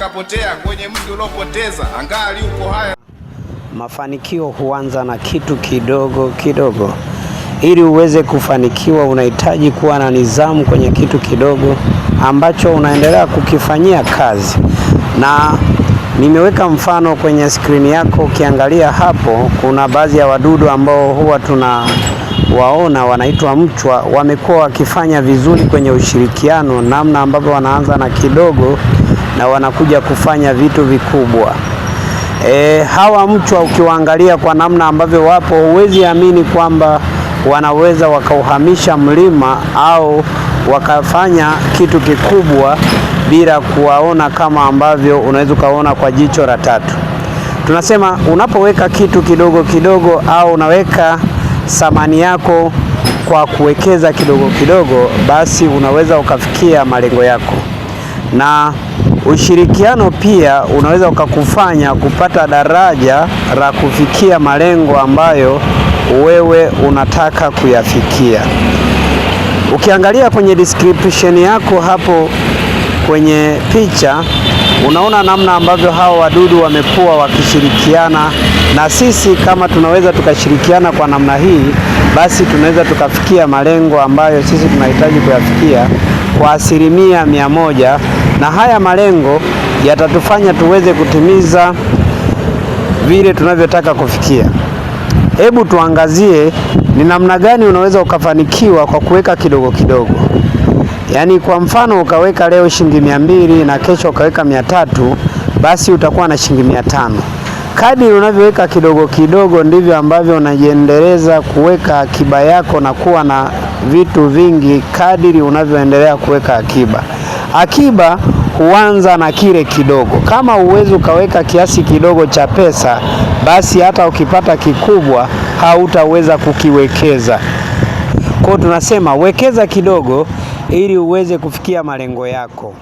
kapotea kwenye mji uliopoteza angali uko haya. Mafanikio huanza na kitu kidogo kidogo. Ili uweze kufanikiwa, unahitaji kuwa na nidhamu kwenye kitu kidogo ambacho unaendelea kukifanyia kazi, na nimeweka mfano kwenye skrini yako. Ukiangalia hapo, kuna baadhi ya wadudu ambao huwa tuna waona wanaitwa mchwa, wamekuwa wakifanya vizuri kwenye ushirikiano, namna ambavyo wanaanza na kidogo na wanakuja kufanya vitu vikubwa. E, hawa mchwa ukiwaangalia kwa namna ambavyo wapo, huwezi amini kwamba wanaweza wakauhamisha mlima au wakafanya kitu kikubwa bila kuwaona kama ambavyo unaweza ukaona kwa jicho la tatu. Tunasema unapoweka kitu kidogo kidogo au unaweka thamani yako kwa kuwekeza kidogo kidogo, basi unaweza ukafikia malengo yako na Ushirikiano pia unaweza ukakufanya kupata daraja la kufikia malengo ambayo wewe unataka kuyafikia. Ukiangalia kwenye description yako hapo kwenye picha unaona namna ambavyo hao wadudu wamekuwa wakishirikiana, na sisi kama tunaweza tukashirikiana kwa namna hii, basi tunaweza tukafikia malengo ambayo sisi tunahitaji kuyafikia kwa asilimia mia moja na haya malengo yatatufanya tuweze kutimiza vile tunavyotaka kufikia. Hebu tuangazie ni namna gani unaweza ukafanikiwa kwa kuweka kidogo kidogo. Yaani kwa mfano ukaweka leo shilingi mia mbili na kesho ukaweka mia tatu basi utakuwa na shilingi mia tano. Kadiri unavyoweka kidogo kidogo ndivyo ambavyo unajiendeleza kuweka akiba yako na kuwa na vitu vingi kadiri unavyoendelea kuweka akiba. Akiba huanza na kile kidogo. Kama uwezi ukaweka kiasi kidogo cha pesa, basi hata ukipata kikubwa hautaweza kukiwekeza. Kwa hiyo tunasema wekeza kidogo ili uweze kufikia malengo yako.